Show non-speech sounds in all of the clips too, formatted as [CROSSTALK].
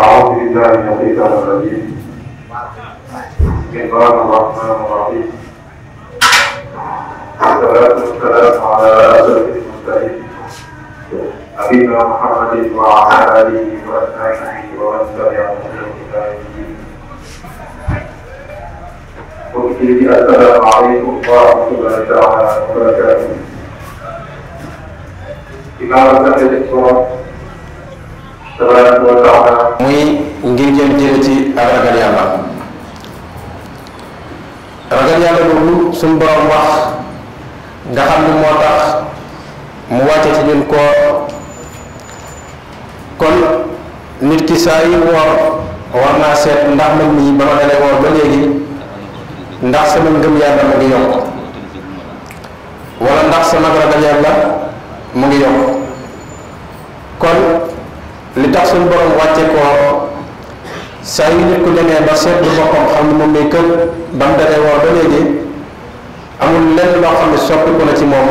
أعوذ بالله من الشيطان الرجيم بسم الله الرحمن الرحيم والصلاة والسلام على أشرف المرسلين نبينا محمد وعلى آله وأصحابه ومن تبعهم بإحسان وبالتالي السلام عليكم ورحمة الله تعالى وبركاته. إمام سعيد الصراط tabaraka wa taala muy ngir ngeen jële ci ak ragal yàlla ragal yàlla boobu suñu borom wax nga xam ne moo tax mu wàcce ci ñun koor kon nit ki saa yi woor war naa seet ndax man mii ba ma dalee woor ba léegi ndax sama ngëm yàlla mu ngi yokk wala ndax sama ragal yàlla mu ngi yokk kon li tax suñu borom wàcce ko saa yu nit ku demee ba seetlu boppam xam ne moom mi kër ba ba léegi amul lenn loo xam ne soppiku na ci moom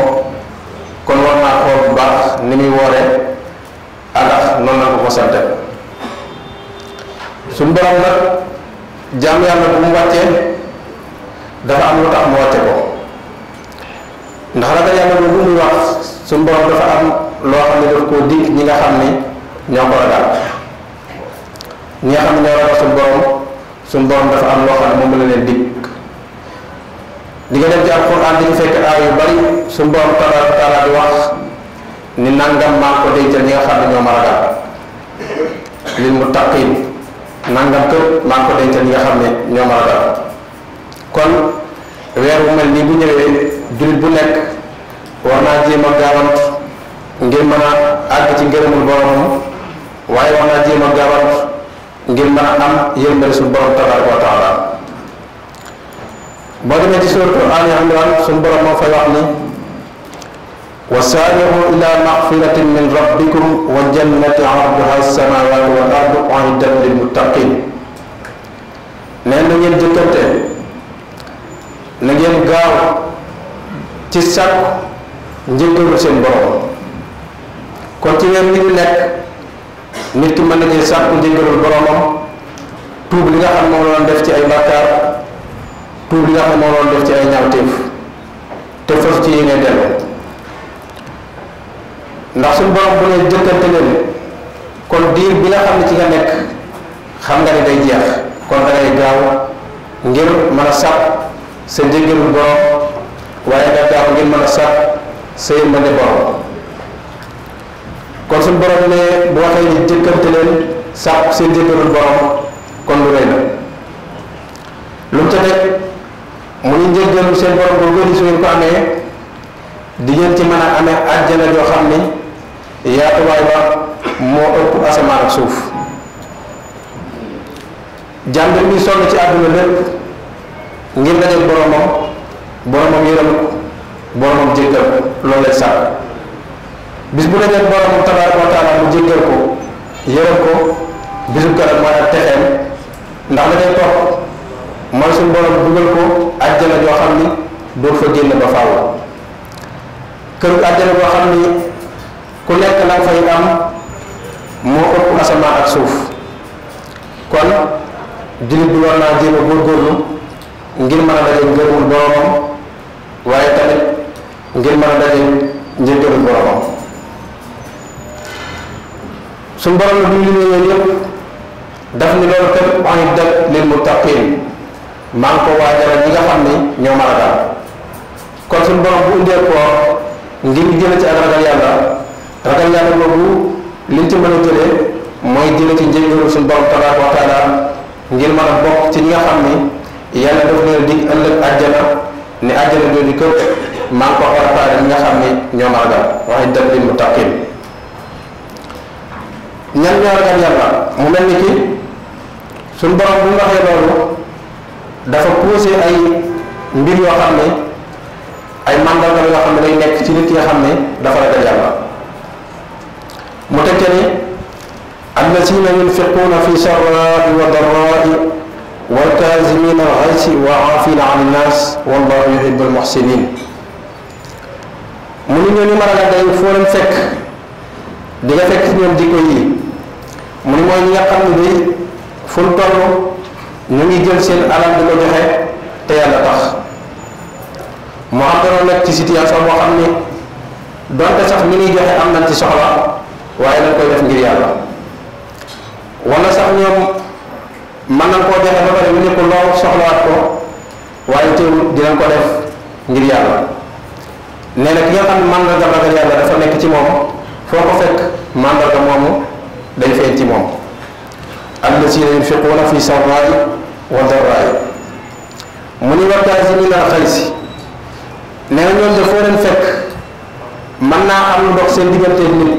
kon war naa xool baax ni muy woore alax noonu la ko ko sante suñu borom nag jaam yàlla bu mu wàccee dafa am lu tax mu wàcce ko ndax ragal yàlla bu muy wax suñu dafa am loo xam ne daf koo dig ñi nga xam ni ñoo ko la ñi xam ne ñoo ragal suñu borom suñu borom dafa am loo xam ne moom leen dikk di nga dem ci alquran di ñu fekk aay yu bari suñu borom tabaaraka wa di wax ni nangam maa ko dencal ñi nga xam ne ñoo ma nangam kër maa ko dencal ñi nga ragal kon weer wu mel nii bu ñëwee jullit bu nekk war naa jéem a gaawant ngir mën a àgg ci ngërëmul boromam. waaye war naa jéem a gaawal am yërmande suñu borom wa taala boo demee ci suuratu Aali Imraan suñu borom moo fay ila maxfiratin min rabbikum wa jannati arduha as-samaawaatu wal lil muttaqiin nee na ngeen jëkkante na ngeen gaaw ci sàkku njëggalu nit ki mën na cee sàkku njëggalul boromam tuub li nga xam moom la def ci ay bàkkaar tuub li nga xam moom la doon def ci ay ñaawteef te fas ci yéene delloo ndax suñu borom bu ne jëkkante leen kon diir bi nga xam ne ci nga nekk xam nga ne day jeex kon da gaaw ngir mën a sàkk sa njëggalul borom waaye nga gaaw ngir mën a sàkk sa yëmbande borom kon suñu borom ne bu waxee ni jëkkante leen sàpp seen jëkkërul borom kon lu rëy la lu mu ca teg mu ñu njëggalu seen borom boo gën su ngeen ko amee di ci mën a amee àjjana joo xam ni yaatuwaay ba moo ëpp asamaan ak suuf jàmbi bi sonn ci àdduna lépp ngir dajeek boromam boromam yërëm boromam jéggal loolu lay bis bu dajee borom tabaaraka wa taala mu jéggal ko yërëm ko bisu kanam mooy texeem ndax la cay topp mooy suñu borom dugal ko àjjana joo xam ni doo fa génn ba faaw kër àjjana boo xam ni ku nekk la fay am moo ëpp asamaan ak suuf kon jullit bi war naa jéem a góorgóorlu ngir mën a daje ngërëmul boromam waaye tamit ngir mën a daje njëggalu boromam suñu borom la bu ñu limee yooyu yëpp daf ni loolu kat u'iddat lil muttaqin maa ngi ko waajal ñi nga xam ni ñoo ma ragal kon suñu borom bu indee koor ngir jële ci ak ragal yàlla ragal yàlla boobu liñ ci mën a jëlee mooy jële ci njëgalu suñu borom tabaaraka wa taala ngir mën a bokk ci ñi nga xam ni yàlla daf leen dig ëllëg àjjana ni àjjana jooju kër maa ngi ko xorataale ñi nga xam ni ñoo ma ragal u'iddat lil muttaqin ñan ñoo ragal yàlla mu mel ni ki suñ borom bu ñu waxee loolu dafa poussé ay mbir yoo xam ne ay mandarga yoo xam ne day nekk ci nit yi xam ne dafa ragal yàlla mu teg ca ni allazina yunfiquuna fi sarraai wa darraai wal kaazimina al xaysi wa aafina an innaas wallahu yuhibbul muxsinin mu ni ñoo ma ragal day foo leen fekk di nga fekk ñoom jikko yi mu ni mooy ñi nga xam ne day fu mu ngi jël seen alal di ko joxe te yàlla tax mu am danoon nekk ci situation boo xam ni donte sax mi ñuy joxe am nañ ci soxla waaye dañ koy def ngir yàlla wala sax ñoom mën nañ koo joxe ba pare mu nekkul loo soxlawaat ko waaye teewul dinañ ko def ngir yàlla nee na ki nga xam ne màndarga ragal yàlla dafa nekk ci moom foo ko fekk màndarga moomu day feeñ ci moom allazina yunfiquuna fi sarraay wa darraay mu ni wakaazimina alxaysi nee na ñoom de foo leen fekk mën naa am lu dox seen digganteeg nit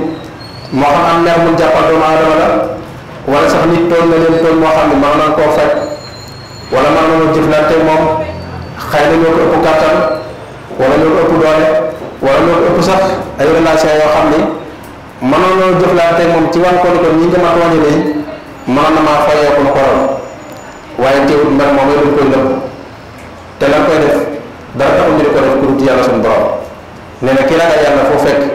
moo xam am mer mun jàppal doomu aadama la nit moo xam ne maa naan koo fekk wala maa naan jëflante moom xëy na ko ëpp kàttan wala ñoo ëpp doole wala ñoo ëpp sax ay relation yoo xam ni mënoon na jëflante moom ci wàllu ko ñi nga ma tooñe leen mënoon na maa fayeeku lu ko raw waaye teewul ndax te lan koy def dara ko def pour na ki ragal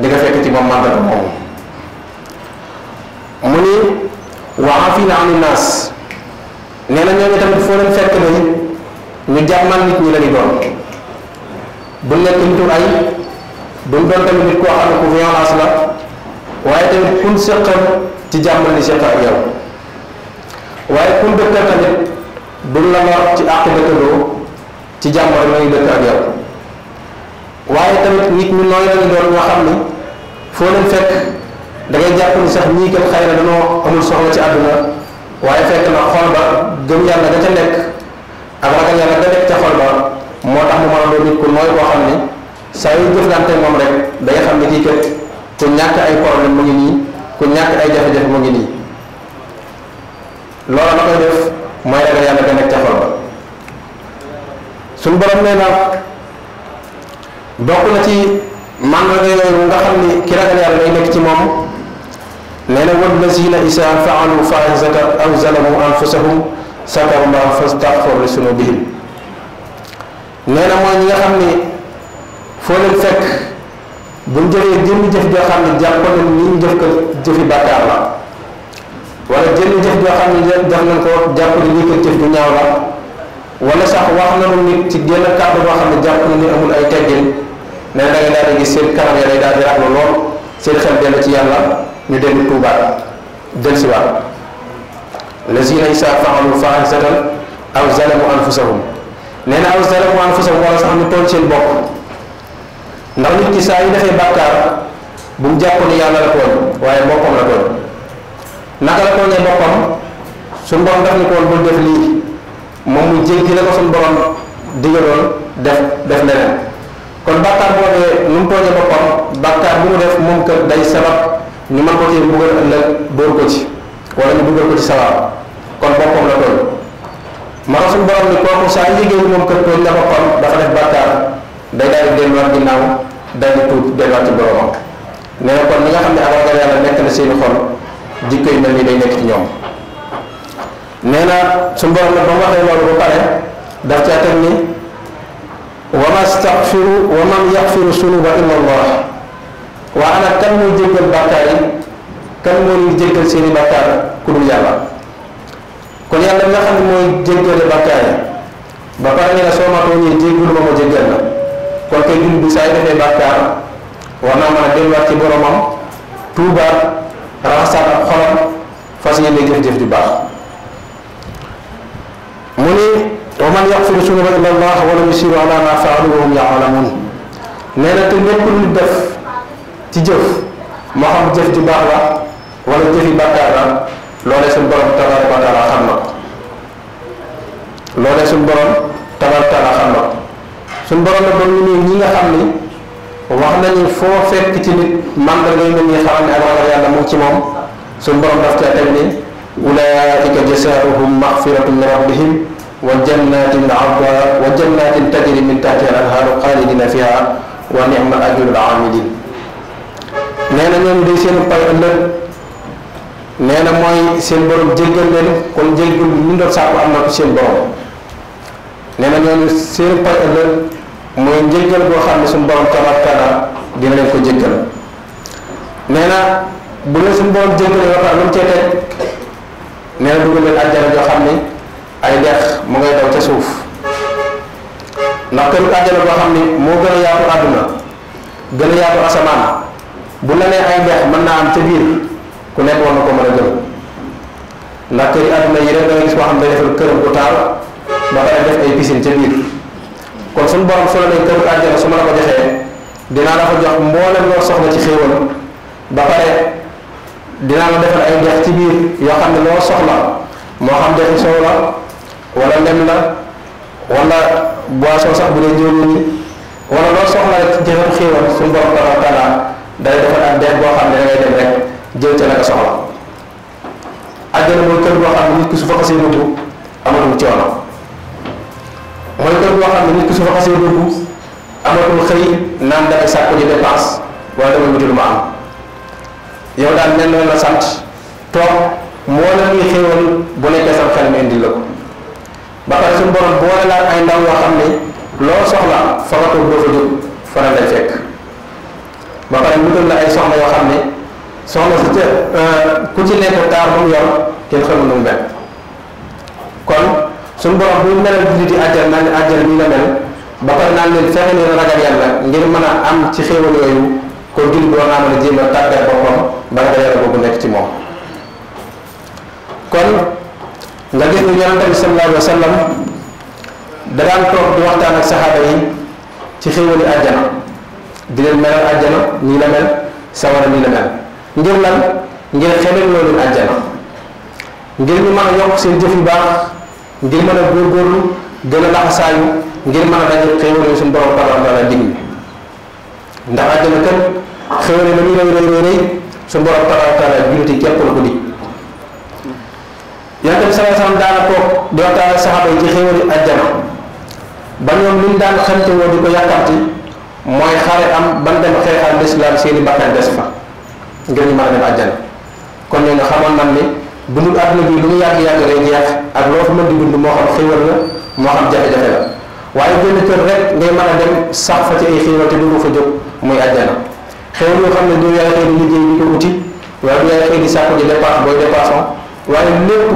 di nga ci moom màndarga moomu. mu na ñooñu tamit foo leen fekk na ñu la ñu doon bu tamit nit koo xam ne ku la. waaye tamit kun seqal ci jàmm ni seqal ak yow waaye kun dëkkal tamit du la lor ci àq dëkkandoo ci jàmm a la ñuy dëkk ak yow waaye tamit nit ñu nooy lañu doon ñoo xam ni foo leen fekk da ngay jàpp ni sax ñii kat xëy na dañoo amul soxla ci àdduna waaye fekk na xol ba gëm yàlla da ca nekk ak ragal yàlla da nekk ca xol ba moo tax mu mën a doon nit ku nooy koo xam ni saa yu jëflante moom rek da nga xam ne kii kat ku ñàkk ay problème mu ngi nii ku ñàkk ay jafe-jafe mu ngi nii loolu la koy def mooy ragal yàlla gën a ca ba suñu borom nee na bokk na ci mandarga yooyu nga xam ni ki ragal yàlla lay nekk ci moom nee la wallazina isaa faalu fahisata aw zalamu anfusahum sakaru llaaha fastaxfaru li sunubihim nee na mooy ñi nga xam ni foo leen fekk bu ñu jëlee jënd jëf joo xam ne jàpp nañ ni ñu ko jëfi bàkkaar la wala jëf joo xam ne def nañ ko jàpp ni ñu jëf bu ñaaw la wala sax wax nañu nit ci génn kàddu boo xam ne jàpp na ni amul ay teggin ne da ngay daal di gis seen kanam ya day daal di rafetlu lool seen xel dellu ci yàlla ñu dellu tuubaat del si waat lazina isa faalu sax aw zalamu anfusahum nee na aw zalamu anfusahum wala sax ñu seen bopp ndax nit ci saa yu defee bàkkaar bu mu jàpp ni yàlla la tooñ waaye boppam la tooñ naka la tooñee boppam suñu borom def ni ko bul def lii moom mu jéggi la ko suñu borom digaloon def def leneen kon bàkkaar boobee nu mu tooñee boppam bàkkaar bu mu def moom kër day sabab ñu mën ko cee mbugal ëllëg dóor ko ci wala ñu dugal ko ci sabab kon boppam la tooñ ma suñu borom ni kooku saa yu liggéey moom kër tooñ la boppam dafa def bàkkaar day daal di delluwaat ginnaaw daal di tuub delluwaat ci boromam nee kon li nga xam ne ragal yàlla nekk na seeni xol jikko yu mel ni day nekk ci ñoom nee na su borom nag ba mu waxee loolu ba pare daf caa teg ni wa mastaxfiru wa man yaxfiru sunuba illa allah waa ana kan mooy jéggal bàkkaar yi kan moo ñuy jéggal seeni bàkkaar ku dul yàlla kon yàlla nga xam ne mooy jéggale bàkkaar yi ba pare nee na soo matoo ñuy jéggalu ma ma jéggal kon koy jullit bi saa defee bàkkaar war naa mën a delluwaat ci boromam tuubaat raxasaat ak xolam fas yéene jëf-jëf ju baax mu ni wa man yaxfiru sunuba illa allah wa lam yusiru ala ma faalu wa hum yaalamun nee na te lépp lu def ci jëf moo xam jëf ju baax la wala jëfi bàkkaar la loolee borom tabaraka wa taala xam na ko loolee borom tabaraka wa taala xam na suñ borom nag moom ñu ne ñi nga xam ni wax nañu foo fekk ci nit mandarga yu mel ni xamal ne ak ragal yàlla mu ci moom suñ borom daf cee teg ni ulaika jasaauhum maxfiratun rabbihim wa jannatin arda min tahtiha al anhaaru fiha wa nicma ajrul aamilin nee na ñoom day seen pay na mooy seen borom jéggal leen kon jéggul ñu doon sàkku am na ko seen borom mooy njëggal boo xam ne suñu borom tabaaraka wa taala dina leen ko jëggal nee na bu leen suñu borom jëggalee ba pare lu mu cee teg na joo xam ne ay dex mu ngay daw ca suuf ndax këru àjjana boo xam ne moo gën a yaatu àdduna gën a yaatu asamaan bu la nee ay dex mën naa am ca biir ku nekkoon na ko mën a jël ndax këri àdduna yi rek da gis boo xam ne day defal këram bu taal ba pare def ay piscine ca biir. kon suñu borom su la nee kër àjjana su ma la ko joxee dinaa la fa jox mboolem loo soxla ci xéewal ba pare dinaa la defal ay dex ci biir yoo xam sax bu dee jooju ñi wala loo soxla ci jëfam xéewal suñu borom subhanahu wa taala day defal ak dex boo xam ne da dem rek jël ca la soxla àjjana mooy kër boo xam ne nit ki su fa xasee dugg amatul coono. mooy kër boo xam ne nit ki su fa xasee dugg amatul xëy naan damay sàkku ji dépense wala damay wuti lu ma am yow daal mel na la sant toog moo la ñuy xéewal bu nekkee sam xel mi indi la ko ba pare suñu borom boole laal ay ndaw yoo xam ne loo soxla fa nga fa jóg fa fekk ba pare wutal la ay soxla yoo xam ne soxla si ca euh, ku ci nekk taar bu mu yor kenn xamul mu mel kon suñu borom bu ñu melal jullit àjjana naan àjjana mel ba pare naan leen fexe leen ragal yàlla ngir mën a am ci xéewal yooyu kon jullit bi nekk ci moom. kon nga gis ne yonent di waxtaan ak saxaaba yi loolu àjjana ngir ñu mën a yokk seen jëf yu baax. ngir mën a góorgóorlu gën a laxasaayu ngir mën a daje xéewal yi suñu borom tabaaraka taala dig ndax àjjana kat xéewal yi la ñuy rëy rëy rëy suñu borom tabaaraka taala julliti la ko di waxtaan ak yi ci xéewal yi àjjana ba ñoom li ñu daan xamte woo di ko yàkkamti mooy xare am ban dem xeexal lislaam seeni bakkan des fa ngir ñu mën a dem àjjana kon ñooñu xamoon nañ ni dundul àdduna bi lu mu yàgg yàgg lay jeex ak loo fa mën di dund moo xam xéewal la moo xam jafe-jafe la waaye benn kër rek ngay mën a dem sax fa ci ay xéewal te doo fa jóg muy àjjana xéewal yoo xam ne doo yaay xëy di liggéey ñu ko uti waaye du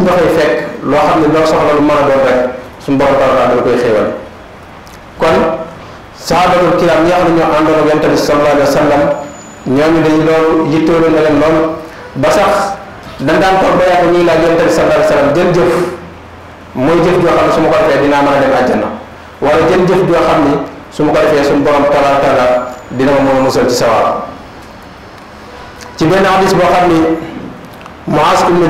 yaay fekk loo xam ne loo soxla lu mën a doon rek suñu borom kon sahabatul kiram ñi nga xam ne ñoo àndoon ak yonent bi sallallahu alayhi wa sallam ñooñu dañu ba sax dañ daan toog ba laa ñuy laaj yonent bi jën jëf mooy jëf joo xam ne su ma ko defee dinaa mën a dem ni su ma ko defee suñu borom tabaaraka taala dina ma mën a ci sawara ci benn hadis xam ni Muaz ibn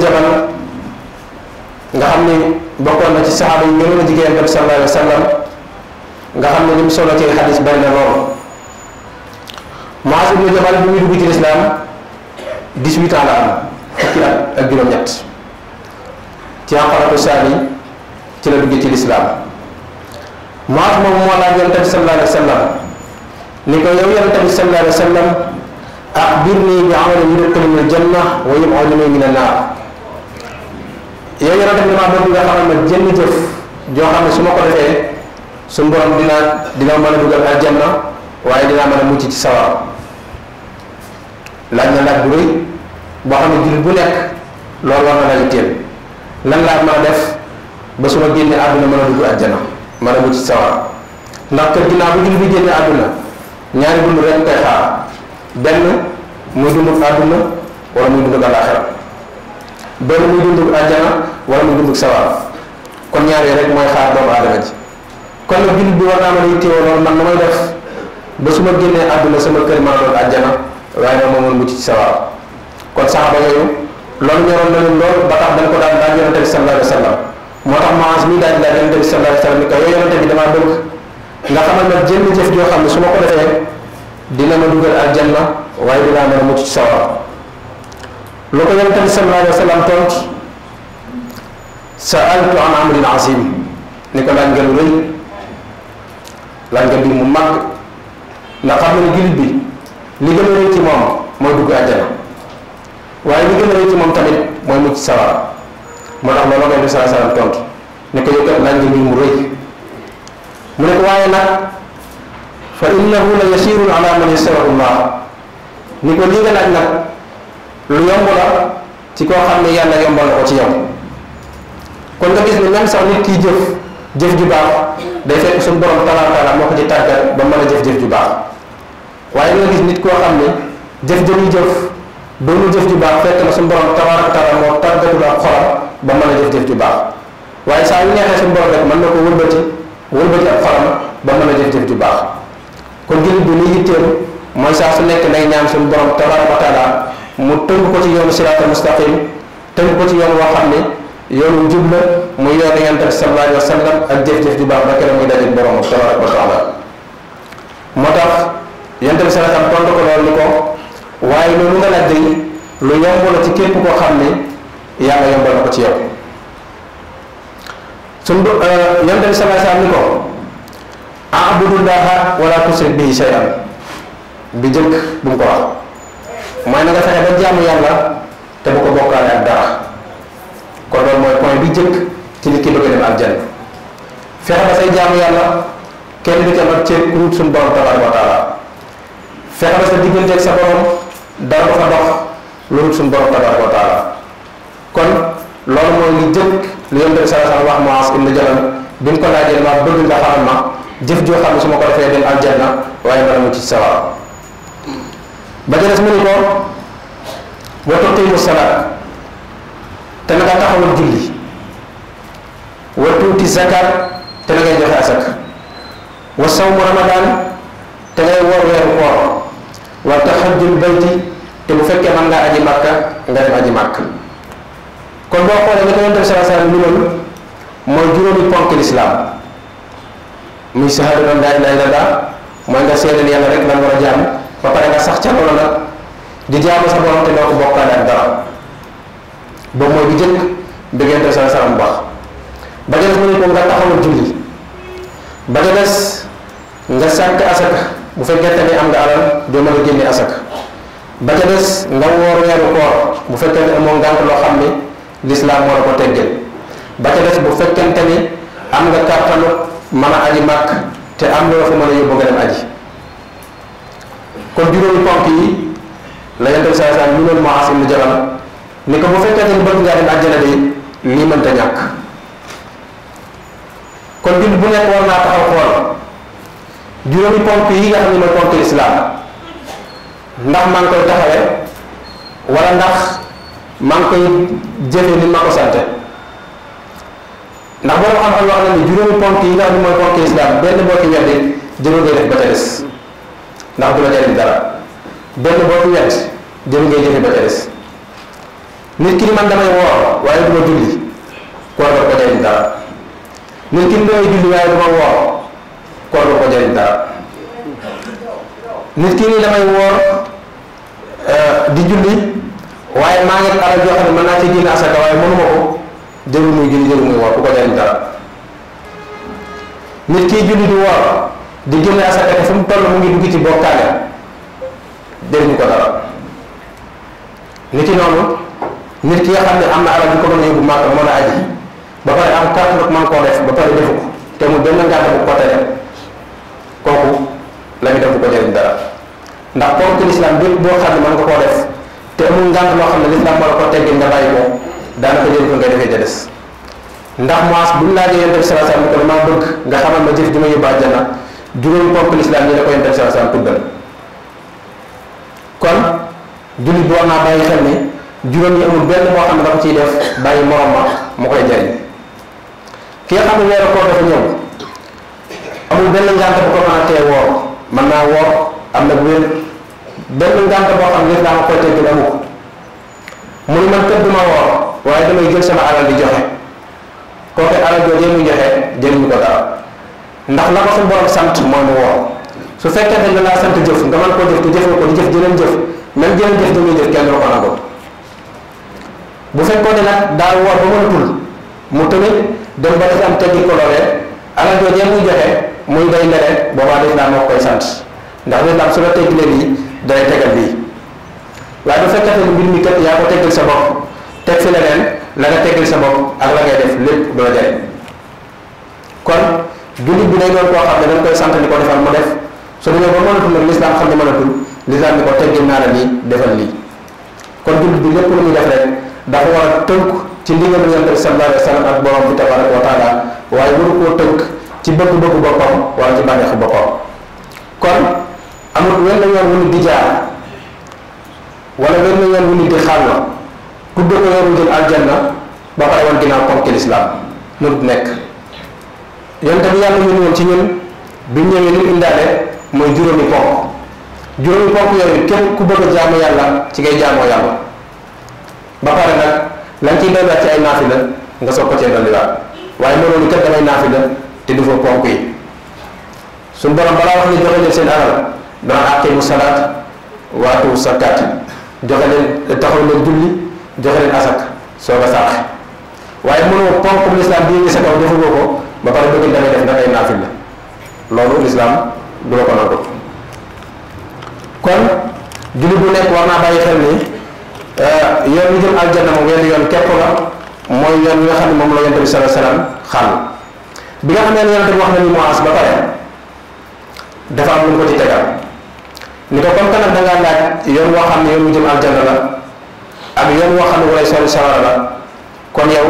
na ci saxaaba yi gënoon a jigéen dem sallallahu alayhi wa mu solo ci hadis bari na lool Muaz bi muy dugg ci lislaam 18 ans la am. fukki ak juróom-ñett ci àqaratu saani ci la dugg ci lislaam maat moom moo laaj yonent bi sallallahu alayhi wa sallam ni ko yow yonent bi sallallahu alayhi wa sallam axbirnii bi amalin yudxiluni min aljanna wa yub'iduni min annaar yow yonent bi damaa bëgg xamal ma jënn jëf joo xam ne su ma ko defee suñu borom dina dina mën a dugal aljanna waaye dinaa mën a mucc ci sawar laaj na laaj bu rëy boo xam ne jullit bu nekk loolu war na la yitteel lan laa mën a def ba su ma génne àdduna mën a dugg àjjana mën a mucc sawar ndax kër ginnaaw bu jullit bi génne àdduna ñaari dund rek koy xaar benn muy dund àdduna wala muy dund alaaxira sawar kon ñaar rek mooy xaar doomu aadama ji kon nag jullit bi war naa mën a yittewoo loolu man na may def ba su ma génnee àdduna sama kër mën a doon àjjana waaye nag ma mën ci sawar kon saxaaba yooyu loolu ñoroon na leen lool ba tax dañ ko daan daan yonente bi sallallahu alayhi wa sallam moo tax Muaz mii daal di laaj yonente bi sallallahu alayhi wa sallam ni ko yow yonente bi damaa bëgg nga xamal ma jënd jëf joo xam ne su ma ko defee dina ma dugal aljanna waaye dinaa mën a mucc ci sawar lu ko yonente bi sallallahu alayhi wa sallam tont sa'altu an amrin azim ni ko laaj nga lu rëy laaj nga bi mu màgg ndax xam ne jullit bi li gën a rëy ci moom mooy dugg aljanna waaye li gën a rëy ci moom tamit mooy mucc sawara moo tax loolu ngay bi saa salaam tontu ne ko yow kat laaj nga mu rëy mu ne waaye nag fa innahu la yasirun ala man yasarahu ni ko lii nga laaj nag lu yomb la ci koo xam ne yàlla yombal na ko ci yow kon nga gis ne même sax nit kiy jëf jëf ju baax day fekk suñu borom tabaaraka taala moo ko ci tàggat ba mën a jëf-jëf ju baax waaye nga gis nit koo xam ne jëf jëf ba jëf ju baax fekk na suñu borom tabaaraka taala moo tàggatul ak xolam ba mën a jëf jëf ju baax waaye saa yu neexee suñu borom rek mën na ko wëlbati wëlbati ak xolam ba mën a jëf jëf ju baax kon jullit bi liy yitteem mooy saa su nekk day ñaan suñu borom tabaaraka mu tënk ko ci yoonu siraatal mustaqim tënk ko ci yoon woo xam ne yoonu njub la muy yoonu yonent bi ak jëf jëf ju baax ba keroog muy dajeeg moo tax yonent sa sallallahu alayhi ko loolu ni ko. waaye loolu nga nag day lu yomb la ci képp koo xam ne yàlla yombal na ko ci yow suñ bu euh, yonent bi sallallahu alayhi wasallam ni ko abudullaha wala tusrik bihi shay'an bi jëkk bu mu ko wax mooy na nga fexe ba jaamu yàlla te bu ko bokkaale ak dara kon loolu mooy point bi jëkk ci nit ki bëgg dem aljanna fexe ba say jaamu yàlla kenn du ca mag ceeb ku suñ borom tabaaraka wa taala fexe ba sa digganteeg sa borom dara ko fa dox lu dul suñu borom tabaraka wa taala kon loolu mooy li jëkk li yonent bi sallallahu alayhi wa sallam wax Mu'aaz ibn bi mu ko laajee ma bëgg nga xamal ma jëf joo xam ne su ma ko defee dem aljanna waaye dara mu ci sawar ba jëles mu ni ko wa tuqiimu salaat te na nga taxawal julli wa tuuti zakat te na ramadaan te ngay woor weeru koor wa tahajjul bayti te bu fekkee mën ngaa aji màkka nga dem aji màkk kon boo xoolee ni ko yonent bi sallallahu alayhi wasallam lu loolu mooy juróomi ponk lislaam muy sahadatan laa ilaaha illallah mooy nga seedal yàlla rek lan war a jaam ba pare nga sax ca loolu di jaamu sa borom te doo ko bokkaale ak dara boobu mooy bi jëkk bi yonent bi sallallahu alayhi wasallam baax ba ca des mu ne ko nga taxawal julli ba des nga sàkk asaka bu fekkee tamit am nga alal doo mën a génne asaka ba ca des nga woor weeru koor bu fekkente ne moo ngànt loo xam ne lislaam moo la ko teggeel ba ca des bu fekkente ni am nga kàttanu mën a aji màkk te am loo fa mën a yóbbu nga dem aji kon juróomi ponk yi la yonent bi saa saa ñu doon Muaaz ibn Jabal ni ko bu fekkente ni bëgg ngaa dem àjjana de lii mënta ñàkk kon jullit bu nekk war naa taxaw xool juróomi ponk yi nga xam ne mooy ponk lislaam ndax man koy taxawee wala ndax maa ngi koy jëfe ni ma ko sante ndax borom xam-xam wax na ni juróomi ponk yi nga xam ne mooy ponk islam benn boo ci weddi ndax du la jëriñ benn boo ci wedd jëru jëfe ba ca nit ki ni man damay woor waaye du ma julli koor ko jëriñ dara nit ki ni damay julli waaye du woor koor ko jëriñ dara nit ki ni damay woor Euh, di julli waaye maa ngi alal joo xam ne mën naa ci génne asaka waaye mënuma ko jëru muy julli jëru muy woor bu ko jariñ dara nit kii julli di woor di génne asaka te fu mu toll mu ngi dugg ci bokkaale jëriñu ko dara nit ki noonu nit ki nga xam ne am na alal ju ko mën a yóbbu màkk mën a aji ba pare am kàttan nag man koo def ba pare defu ko te mu benn ngàtt bu ko tere kooku la def bu ko jëriñ dara ndax ponk lislaam bépp boo nga koo def te amul ngànt loo xam ne lislaam moo la ko teggil nga bàyyi ko daanaka jël ko nga defee ca des ndax moas bu ñu laajee yonent bi sallallahu alayhi wasallam nga xamal ma jëf ji ma yóbbu àjjana juróom ponk lislaam yi la ko yonent bi sallallahu alayhi wasallam tuddal kon jullit bi war naa bàyyi xel ni juróom yi amul benn moo xam ne dafa ciy def bàyyi morom ma mu koy jariñ ki xam ne weeru koor dafa ñëw amul benn ngànt bu ko mën a woor mën naa woor am na wér benn ngànt boo xam ne dama koy tegg amu ko mu ne man kat duma woor waaye damay jël sama alal di joxe kooke alal jooju mu joxe jëriñu ko dara ndax la ko suñu borom sant mooy mu woor su fekkee dañ sant jëf nga mën koo jëf te jëfoo ko di jëf jëleen jëf même jëleen jëf dañuy jëf kenn du ko nangoo bu fekkoon ne nag daa woor ba mënatul mu tamit dem ba dafa am teggi ko loolee alal jooju muy joxe muy day lere boobaa def naa moo koy sant ndax def naa su la tegg leen yi day tegal bi waaye bu fekkee ne mbir mi kat yaa ko tegal sa bopp teg fi leneen la nga tegal sa bopp ak la ngay def lépp du la kon jullit bi day doon koo xam ne dañ koy sant ni ko defal mu def su ñu nee ba mënatul nag lislaam xam ne mënatul lislaam ni nii defal lii kon jullit bi lépp lu muy def rek dafa war a tënk ci ndigal Yonent bi sallallahu alayhi wa sallam ak borom bi tabaraka wa taala waaye waru koo tënk ci bëgg-bëggu boppam wala ci bànneexu boppam kon amul wenn yoon wu nit di jaar wala wenn yoon wu nit di xàll tudde ko yoon wu jël aljanna ba pare woon ginnaaw ponk ci lislaam mënut nekk yéen bi yàlla yónni woon ci ñun bi ñëwee li indaale mooy juróomi ponk juróomi ponk yooyu kenn ku bëgg a jaamu yàlla ci ngay jaamoo yàlla ba pare nag lañ ciy dolliwaat ci ay naafila nga soog ko cee dolliwaat waaye mënoo ni kat damay naafila te du fa ponk yi suñ borom balaa wax ne joxe leen seen alal dana aqimu salaat waatu zakaat joxe leen taxaw leen julli joxe leen asak soog a sàq waaye mënoo ponk lislaam bii ngi sa kaw defagoo ko ba pare bëgg dangay def dangay naafil la loolu lislaam du la bu nekk wax na bàyyi xel ni eh, yoon wi moom yoon képp la mooy yoon wi nga xam ne moom la yonent bi sallallahu bi nga xam ne yonent bi wax na ni mu as ba pare dafa am lu ko ci tegal ni ko kon kanam da ngaa laaj yoon woo xam ne yoon mu jëm aljanna la ak yoon woo xam ne walay sori sawara la kon yow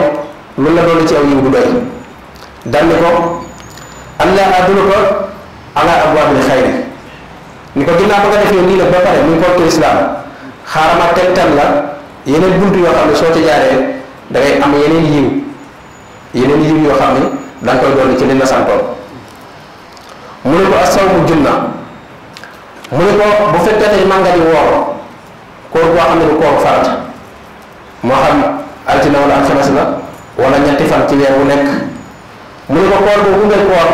lu la doon ci aw yiw bu doy dal ni ko am naa adulluka ala abwaabil xayri ni ko ginnaaw ba nga defee nii la ba pare muy porte islam xaaral ma tegtal la yeneen buntu yoo xam ne soo ci jaaree da ngay am yeneen yiw yeneen yiw yoo xam ne da koy doon ci li la santoon mu ne ko as-sawmu junna mu ne ko bu fekkee tey mànga di woor koor boo xam ne du koor farata moo xam altine wala alxames la wala ñetti fan ci weer wu nekk mu ne ko koor boobu ngay koor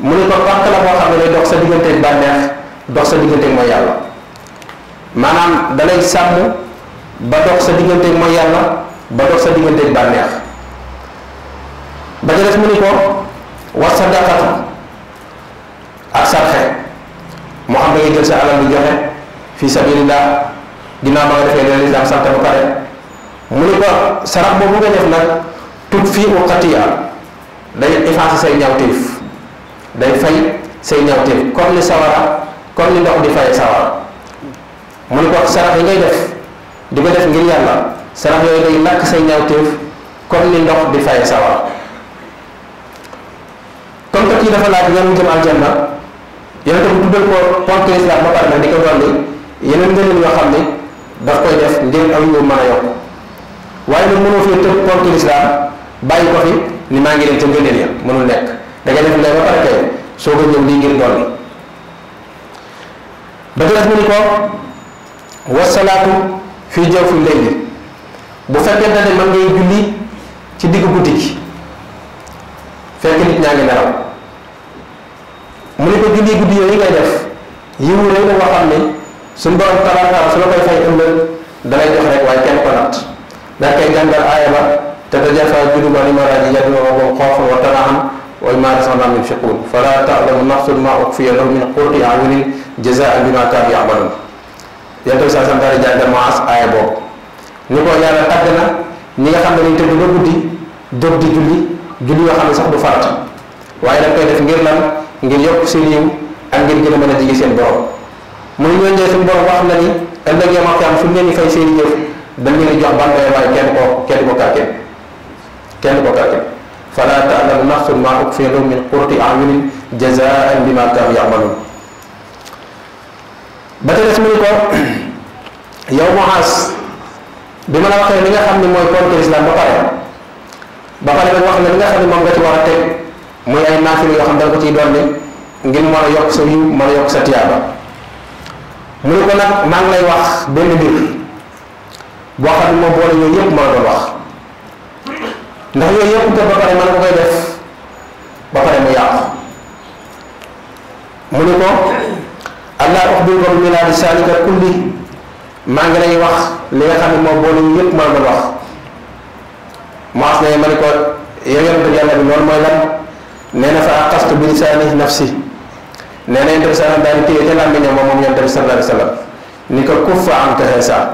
mu ne ko pàkk la boo xam ne dox sa digganteeg bànneex dox sa digganteeg mooy yàlla maanaam dalay sàmm ba dox sa digganteeg mooy yàlla ba dox sa digganteeg bànneex ba ca mu ne ko war sa daqatu ak sarxe moo xam da ngay jël sa alal di joxe fii sabilillah ginnaaw ba nga defee leen lislaam sant ba pare mu ne ko sarax boobu nga def nag tut fii u xatiya day effacer say ñawteef day fay say ñawteef comme ni sawara comme ni ndox di fay sawara mu ne ko sarax yi ngay def di ko def kii dafa laaj ñan jëm aljanna yow tamit dugal ko ponk islam ba pare nag di ko dolli yeneen ngëneel yoo xam ne daf koy def ngir aw yow mën a yokk waaye nag mënoo fee tëb ponk islam bàyyi ko fi ni maa ngi leen ca ngëneel ya mënul nekk da def lay ba pare kay soo ko ñëw lii ngir dolli ba ci des ni ko wasalaatu fii jëw fi léegi bu fekkente ne man ngay julli ci diggu guddi gi fekk nit ñaa ngi nelaw mu ne ko julli guddi yooyu ngay def yiwu rek nga xam ne suñu borom tabaaraka su la koy fay ëllëg dalay jox rek waaye kenn ko natt daa koy jàngal aaya ba te tajafaa junuubuhum anil madaaji yad'uuna xawfan wa tama'an wa mimmaa razaqnaahum yunfiquun falaa ta'lamu nafsun maa ukhfiya lahum min qurrati a'yunin jazaa'an bimaa kaanu ya'maluun yéen tamit saa sant daal di jàngal Mu'aaz aaya boobu ni ko yàlla tàgg na ñi nga xam ne dañu tëdd ba guddi jóg di julli julli yoo xam ne sax du farata waaye dañ koy def ngir lan. ngir yokk seen yiw ngir gën a mën a jege seen borom mu ne ñooñu de suñu borom wax na ni ëllëg yow ak am fu mu leen di fay seen i jëf dañ leen di jox ban lay waaye kenn koo kenn ko kàrkeen kenn ko kàrkeen fala taalamu nafsun maa ukfiya lahum min qurrati ayunin jazaan bima kaanu yamaluun ba te des mu ni ko [CLEARS THROAT] yow Muaas bi ma la waxee li nga xam ne mooy ponk lislaam ba pare ba pare nag wax na li nga xam ne moom nga ci war a teg. muy ay naafila yoo xam da nga ko ciy dolli ngir mën a yokk sa yiw mën a yokk sa tiyaaba mu ne ko nag maa ngi lay wax benn mbir boo xam ne moo boole yooyu yëpp mën a doon wax ndax yooyu yëpp te ba pare mën ko koy def ba pare mu yàqu mu ne ko allah uxbiruka bi milaadi saalika kulli maa ngi lay wax li nga xam ne moo boole yooyu yëpp mën a doon wax maas na ma ne ko yow yonent yàlla bi loolu mooy lan nee na fa axastu bi bi sallam daal téye ca làmmiñam moom yonent bi sallallahu alayhi wa sallam ni ko kuffa anka haazaa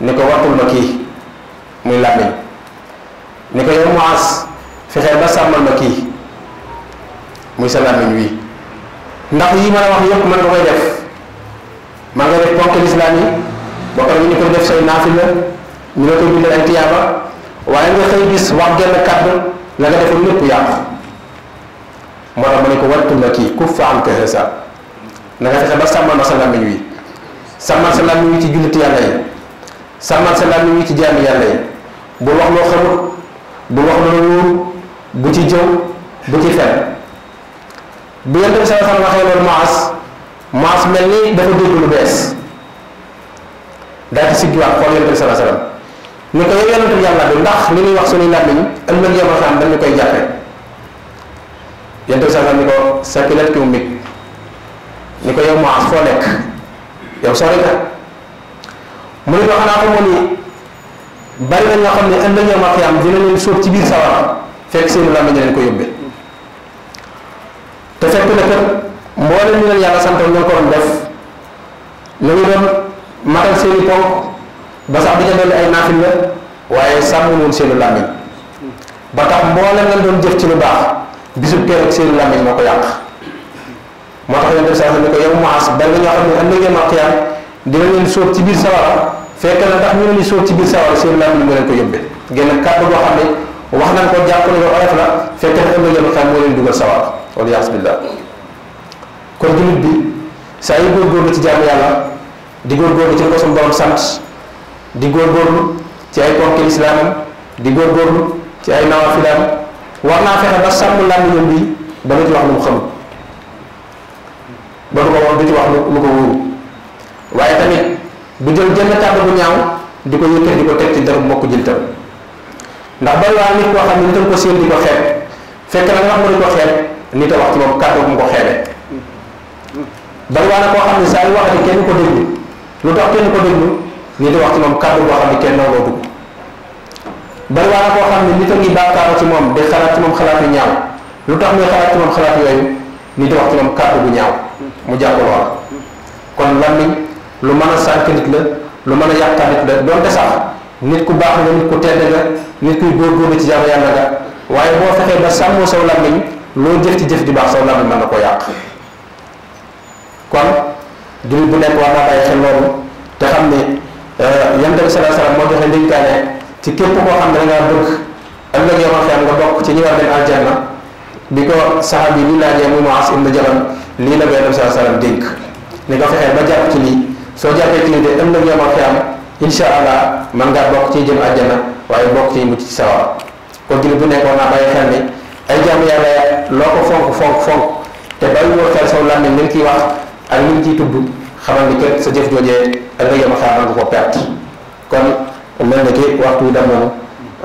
ni ko wattul ma kii muy làmmiñ ko yow Muaas fexeel muy sa làmmiñ wii yi ma la wax yëpp mën nga koy def man nga def ponk lislaam yi bokk na ñu koy la koy bindal ay tiyaaba waaye nga xëy bis wax genn kàddu la nga defal lépp yàqu moo tax ma ne ko wattu na kii ku fa am kër sa na nga fexe ba sàmmal ma sa làmmiñ wi sàmmal sa làmmiñ wi ci julliti yàlla yi sàmmal sa làmmiñ wi ci jaami yàlla yi bu wax loo xamut bu wax loo wóor bu ci jëw bu ci fen bi yonent bi sallallahu alayhi wa sallam mel ni dafa dégg lu bees daa ci siggi wax xool yonent bi sallallahu ni ko yow yonentu yàlla bi ndax li ñuy wax suñuy làmmiñ ëllëg yomal xam dañu koy jàppe yéen sa ni ko sakilat ki ummik ni ko yow Muaz foo nekk yow sori mu ne ko xanaa xamoo ni bari na xam ne ëllëg yawmal qiyaam dina leen sóob ci biir sawara ko yóbbee te fekk na kat mboolem ñu leen yàlla santoon ñoo ko doon def la ñu doon matal seeni ponk ba sax di ca dolli ay naafil la waaye sàmm woon seeni làmmiñ ba tax mboolem lañ doon jëf ci lu baax. bisub keroog seen làmmiñ moo ko yàq moo tax yonent bi sax ni ko yow Muaas ba nga ñoo xam ne ëllëg yawmal qiyaam dina leen sóob ci biir sawara fekk na ndax ñu leen sóob ci biir sawara seen làmmiñ moo leen ko yóbbee génn kàddu boo xam ne wax nañ ko jàpp na ko oyof na fekk na ëllëg yawmal qiyaam moo leen dugal sawara wala yaas billah kon jullit bi saa yu góorgóorlu ci jaamu yàlla di góorgóorlu ci ko sunu borom sant di góorgóorlu ci ay ponk lislaamam di góorgóorlu ci ay war naa fexe ba sàmm làmmiñam bi ba du ci wax lu mu xamul ba du ko wax du ci wax lu ko wóoru waaye tamit du jël jënd kàddu bu ñaaw di ko yëkkati di ko teg ci dara mbokk jëntam ndax bari waa nit koo xam ne nitam ko séen di ko xeeb fekk na nga wax ma di ko xeeb nit a wax ci moom kàddu bu waa na koo xam ne saa yu waxati kenn ko déglu lu tax kenn ko a dugg bari waa na koo xam ne nit a ngi baakaaru ci moom day xalaat ci moom xalaat yu ñaaw lu tax muy xalaat ci moom xalaat yooyu nit wax ci moom kàddu bu ñaaw mu jàpp loola kon làmmiñ lu mën a sànq nit la lu mën a yàqal nit la doonte sax nit ku baax nga nit ku tedd nga nit kuy góorgóorlu ci jaamu yàlla nga waaye boo fexee ba sàmmoo saw làmmiñ loo jëf ci jëf di baax saw làmmiñ mën na koo yàq kon jullit bu nekk war naa bàyyi xel loolu te xam ne euh, yonent bi sallallahu alayhi wa sallam moo ci képp koo xam ne da ngaa bëgg ëllëg yow ma nga bokk ci ñi war dem aljanna bi ko saxaab yi li laajee mu Muaas ibn Jabal lii la Yonent bi sallallahu alayhi wasallam dénk ni nga fexee ba jàpp ci lii soo jàppee ci lii de ëllëg yow ma allah man ngaa bokk ci jëm aljanna waaye bokk ci mucc ci sawar ko jullit bu nekkoon naa bàyyi xel ni ay jàmm yàlla loo ko fonk fonk fonk te bàyyi woo xel saw làmmiñ li ak li nga ciy tudd xamal ni sa jëf joojee ëllëg yow ma nga ko perte kon mel na ki waxtu wi dam nañu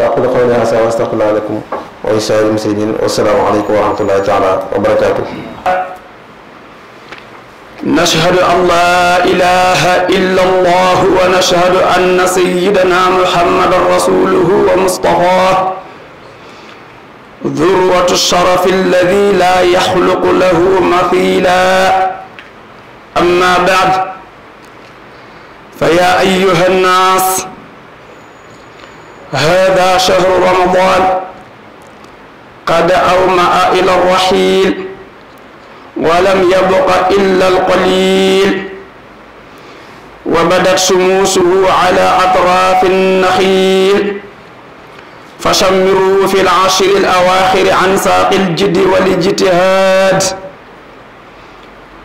aqulu qawli haaza wa astaghfirullaah lakum wa li saa'iril muslimiin wa salaamu aleykum wa rahmatullaahi taala wa barakaatuh نشهد أن لا إله إلا الله ونشهد أن سيدنا محمد رسوله ومصطفاه ذروة الشرف الذي لا يخلق له مثيلا أما بعد فيا أيها الناس هذا شهر رمضان قد أومأ إلى الرحيل ولم يبق إلا القليل وبدت شموسه على أطراف النخيل فشمروا في العشر الأواخر عن ساق الجد والاجتهاد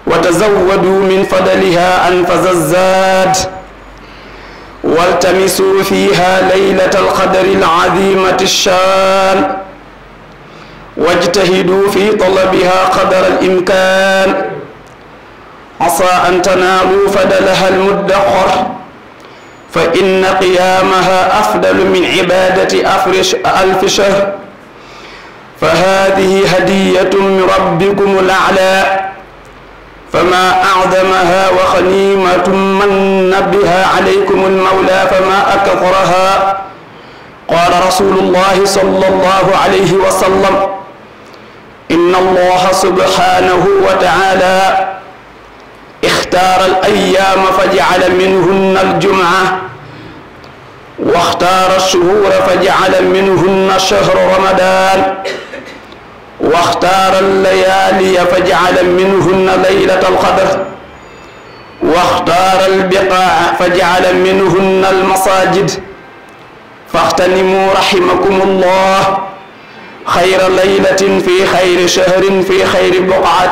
وتزودوا من فضلها أنفذ الزاد والتمسوا فيها ليلة القدر العظيمة الشان واجتهدوا في طلبها قدر الإمكان عسى أن تنالوا فدلها المدخر فإن قيامها أفضل من عبادة أفرش ألف شهر فهذه هدية من ربكم الأعلى فما أعظمها وخنيمة من بها عليكم المولى فما أكثرها قال رسول الله صلى الله عليه وسلم إن الله سبحانه وتعالى اختار الأيام فجعل منهن الجمعة واختار الشهور فجعل منهن شهر رمضان واختار الليالي فجعل منهن ليلة القدر واختار البقاع فجعل منهن المساجد فاغتنموا رحمكم الله خير ليلة في خير شهر في خير بقعة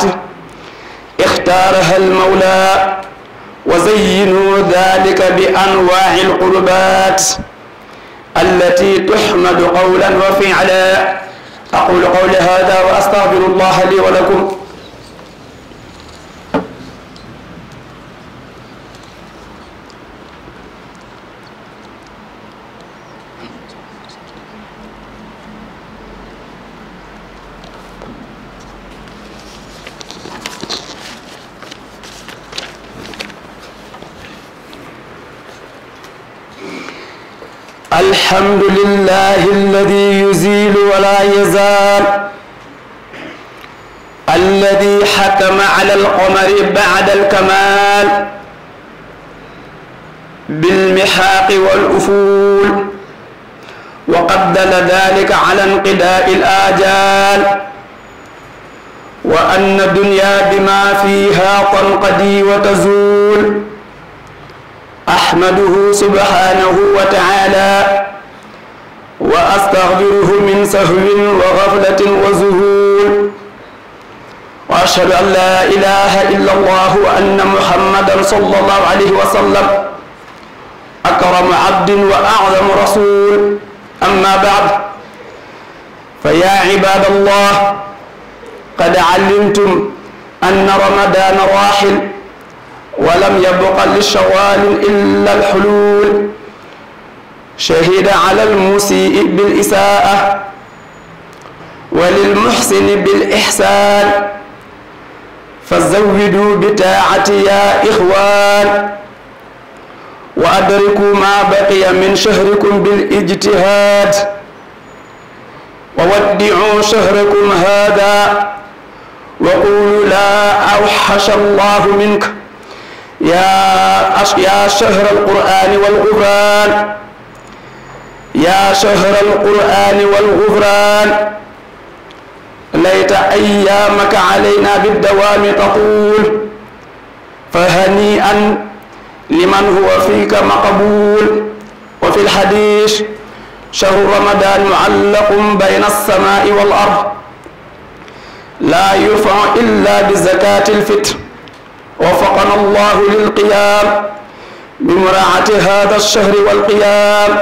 اختارها المولى وزينوا ذلك بأنواع القربات التي تحمد قولا وفعلا aqulu qawli hada wa astaghfirullaha li wa lakum الحمد لله الذي يزيل ولا يزال الذي حكم على القمر بعد الكمال بالمحاق والأفول وقد دل ذلك على انقضاء الآجال وأن الدنيا بما فيها تنقضي وتزول أحمده سبحانه وتعالى wa astaghfiruhu min sahwin wa ghaflatin wa zuhul wa ashhadu an la ilaha illa allah wa anna muhammadan sallallahu alayhi wa sallam akramu abdin wa a'zamu rasul amma ba'd فيا عباد الله قد علمتم أن رمضان راحل ولم يبق للشوال إلا الحلول shahida ala almusii bil isaa wa lil muhsini bil ihsaan fa zawwidu bi taa'ati ya ixwaan wa adriku ma baqiya min shahrikum bil ijtihaad wa waddi'u shahrakum haadaa wa qulu laa awxasha allahu minka yaa shahra alqur'aani wal gufraan yaa shahral qur'aani wal gufraan layta ayyaamaka alaynaa biddawaami taquul fa hanii'an liman huwa fiika maqbuul wa fil hadiis shahru ramadaan mu'allaqun bayna as-samaa'i wal ard laa yurfa'u illaa bi zakaatil fitr waffaqana Allaahu lil qiyaam bi muraa'ati haadha ash-shahri wal qiyaam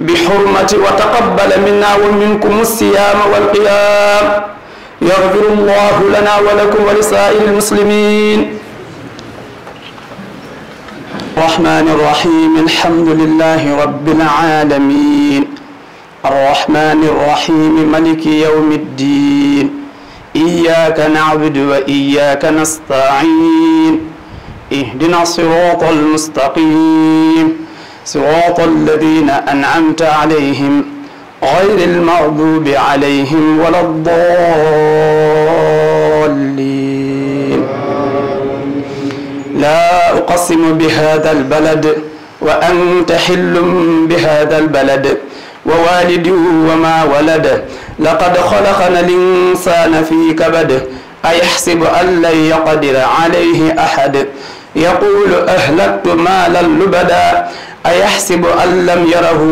بحرمة وتقبل منا ومنكم الصيام والقيام يغفر الله لنا ولكم ولسائر المسلمين الرحمن الرحيم الحمد لله رب العالمين الرحمن الرحيم ملك يوم الدين إياك نعبد وإياك نستعين اهدنا الصراط المستقيم صراط الذين أنعمت عليهم غير المغضوب عليهم ولا الضالين لا أقسم بهذا البلد وأنت حل بهذا البلد ووالد وما ولد لقد خلقنا الإنسان في كبد أيحسب أن لن يقدر عليه أحد يقول أهلكت مالا لبدا أيحسب أن لم يره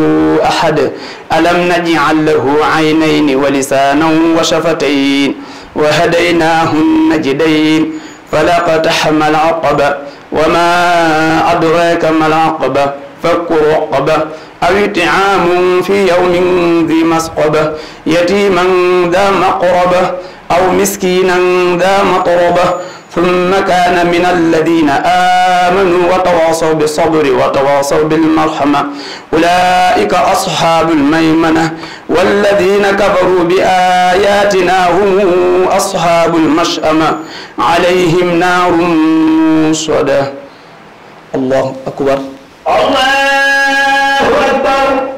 أحد ألم نجعل له عينين ولسانا وشفتين وهديناه النجدين فلاقتحم العقبة وما أدراك ما العقبة فك رقبة أو إطعام في يوم ذي مسقبة يتيما ذا مقربة أو مسكينا ذا مقربة summa kaana min alladina amanu wa tawasaw bilsabri wa tawasaw bilmarhama ulaika ashabu almaymana walladina kafaru bi ayatina hum ashabu almashama alayhim naarun musada allahu akbar allahu akbar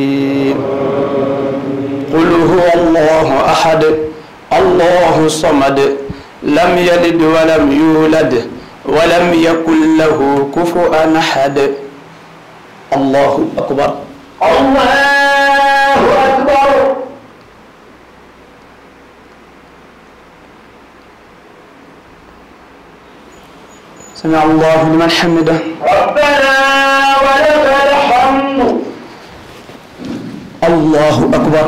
الله أحد الله الصمد لم يلد ولم يولد ولم يكن له كفؤا أحد الله أكبر الله أكبر سمع الله لمن حمده ربنا ولك الحمد الله أكبر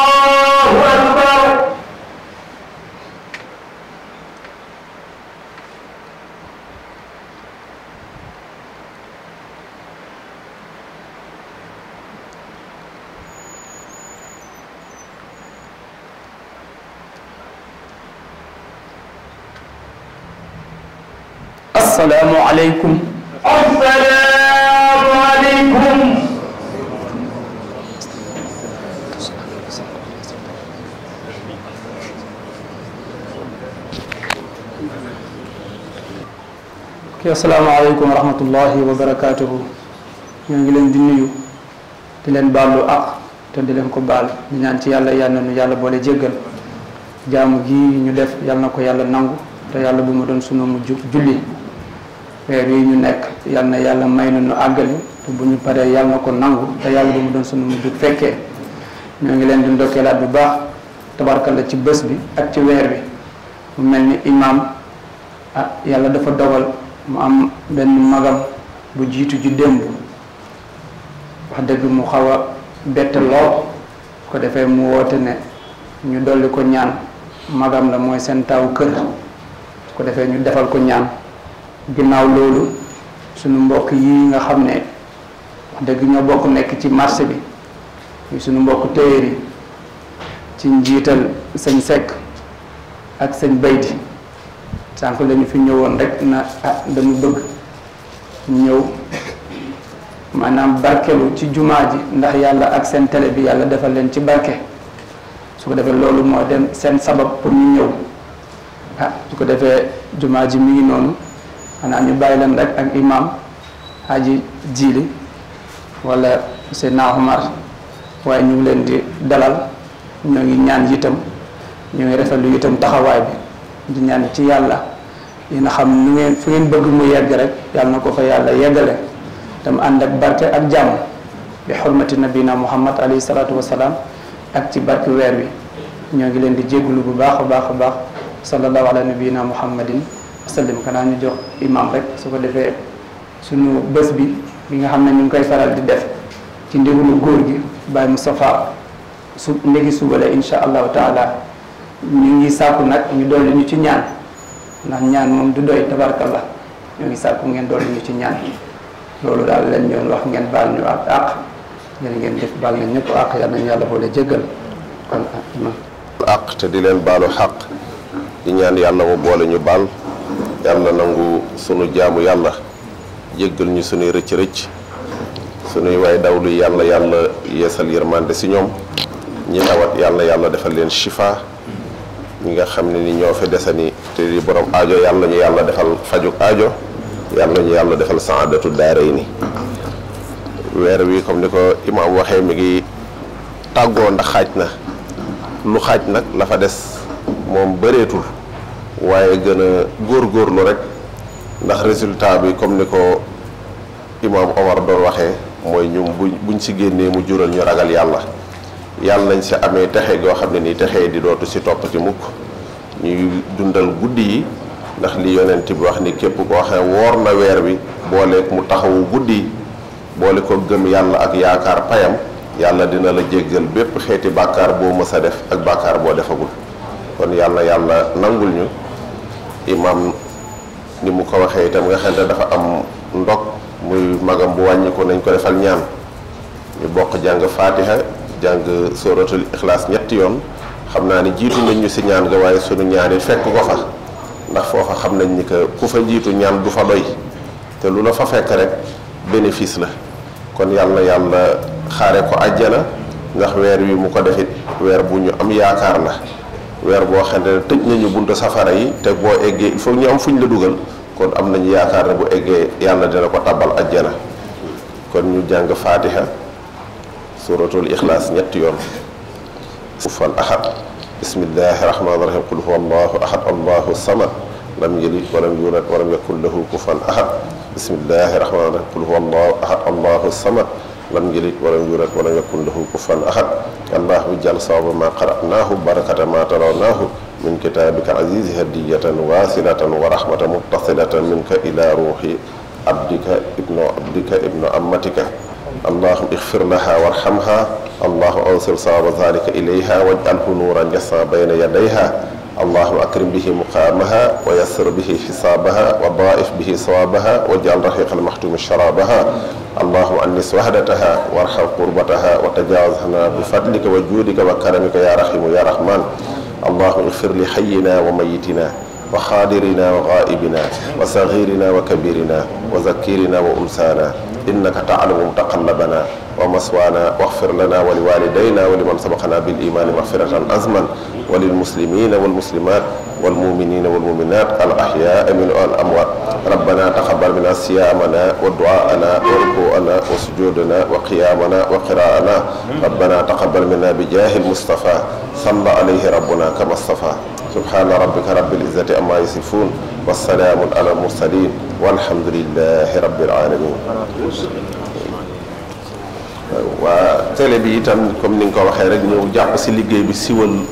assalaamu aleykum assalaamu aleykum ki wa rahmatullahi wa leen di nuyu di leen baalu àq te di leen ko baal di ñaan ci yàlla yal na nu yàlla boole jéggal jaamu gi ñu def yal na ko yàlla nangu te yàlla bu mu doon sunu mujj julli xeer yi ñu nekk yal na yàlla may na ñu àggale te bu ñu paree yàlla na ko nangu te yàlla bu mu doon sunu mujj fekkee ñoo ngi leen di ndokkeelaat bu baax la ci bés bi ak ci weer bi mu mel ni imaam ah yàlla dafa dogal mu am benn magam bu jiitu ji démb wax dëgg mu xaw a bett lool ko defee mu woote ne ñu dolli ko ñaan magam la mooy seen taw kër ko defee ñu defal ko ñaan ginnaaw loolu suñu mbokk yi nga xam ne dëgg ñoo bokk nekk ci marché bi ñu suñu mbokk téyeer yi ci njiital sëñ Seck ak sëñ Bayti sànq lañu fi ñëwoon rek na ah dañu bëgg ñëw maanaam barkelu ci jumaa ji ndax yàlla ak seen tele bi yàlla defal leen ci barke su ko defee loolu moo dem seen sabab pour ñu ñëw ah su ko defee jumaa ji mi ngi noonu xanaa ñu bàyyi leen rek ak imam Haji Jili wala Seydina Omar waaye ñu ngi leen di dalal ñoo ngi ñaan itam ñoo ngi rafetlu itam taxawaay bi di ñaan ci yàlla yi nga xam nu ngeen fu ngeen bëgg mu yegg rek yàlla na ko fa yàlla yeggale tam ànd ak barke ak jàmm bi xurmati nabina muhammad alayhi salaatu wasalaam ak ci barke weer wi ñoo ngi leen di jégalu bu baax a baax a baax sallallahu ala nabina muhammadin sallim xanaa ñu jox imam rek su ko defee suñu bés bi bi nga xam ne ñu ngi koy faral di def ci ndigalu góor gi Baye Moustapha su ndegi suba la incha allahu taala ñu ngi sàkku nag ñu dolli ñu ci ñaan ndax ñaan moom du doy tabarakallah ñu ngi sàkku ngeen dolli ñu ci ñaan loolu daal lañ ñoon wax ngeen baal ñu ak àq ngeen ngeen def baal na ñëpp àq yal yàlla boole jéggal kon àq te di leen baalu xaq di ñaan yàlla boole ñu baal yàlla nangu sunu jaamu yàlla jéggal ñu sunuy rëcc rëcc sunuy waay dawlu yàlla yàlla yeesal yërmande si ñoom ñi tawat yàlla yàlla defal leen shifa ñi nga xam ne ni ñoo fi ni te di borom aajo yàlla ñu yàlla defal fajuk aajo yàlla ñu yàlla defal saadatu daaray ni weer wi comme ni ko imaam waxee mi ngi tàggoo ndax xaaj na lu xaaj nag la fa des moom bëreetul waaye gën góor góorlu rek ndax résultat bi comme ni ko imaam Omar doon waxee mooy ñum buñ buñ si génnee mu jural ñu ragal yàlla yàlla nañ si amee texe goo xam ne nii texee di dootu si toppati mukk ñuy dundal guddi yi ndax li yonent bi wax ni képp ko waxe woor na weer wi booleeg mu taxawu guddi yi boole ko gëm yàlla ak yaakaar payam yàlla dina la jéggal bépp xeeti bàkkaar boo mës def ak bàkkaar boo defagul kon yàlla yàlla nangul ñu imaam ni mu ko waxee itam nga xam ne dafa am ndog muy magam bu wàññi ko nañ ko defal ñaan ñu bokk jàng faatiha jàng sóoratul ixlaas ñetti yoon xam naa ni jiitu nañ ñu si ñaan ga waaye sunu ñaari fekk ko fa ndax foofa xam nañ ni que ku fa jiitu ñaan du fa doy te lu la fa fekk rek bénéfice la kon yàlla na yàlla xaare ko àjjana ndax weer wi mu ko defit weer bu ñu am yaakaar la weer boo xam ne tëj nañu buntu safara yi te boo eggee il faut ñu am fuñ la dugal kon am nañu yaakaar ne bu eggee yàlla dina ko tabal ajjana kon ñu jàng faatiha suuratul ixlaas ñetti yoon ufal ahad bismillahi rahmaani rahim qul huwa allahu ahad allahu samad lam yalid walam yulad walam yakun lahu kufan ahad bismillahi rahmaani rahim qul huwa allahu ahad allahu samad lam yalid walam yulad walam yakun lahu kufan ahad allahu jal sawaba ma qara'naahu barakata ma tarawnaahu min kitaabika azizi hadiyatan waasilatan wa rahmatan muttasilatan minka ila ruuxi abdika ibnu abdika ibnu amatika allahum ixfir laha warhamha allahu ansil sawaba zalika ilayha waj'alhu nuuran yasa bayna yadayha allahuma akrim bihi muqaamaha wa yassir bihi xisaabaha wa daif bihi sawaabaha wa jaal raxiqal maxtumi sharaabaha allahuma annis wahdataha warxam qurbataha wa tajaawaz xanaa bi fadlika wa juudika wa karamika yaa raximu yaa raxmaan allahuma igfir li xayina wa mayitina wa xaadirina wa gaaibina wa sagiirina wa kabirina wa zakirina wa unsaana innaka taalamu taqallabana wa maswaana waxfir lana wa li walidayna wa liman sabaqana bil imaani maxfiratan azman wa lil muslimina wal muslimat wal muminina wal muminat al ahyaa min al amwaat rabbana taqabbal minna siyaamana wa du'aana wa rukuana wa sujudana wa qiyaamana wa qiraana rabbana taqabbal minna bi jaahi al mustafa salla alayhi rabbuna kama stafa subhana rabbika rabbil izzati amma yasifun wa salaamun ala al mursalin walhamdulillahi rabbil alamin waa télé bi itam comme ni nga ko waxee rek ñëw jàpp si liggéey bi siwal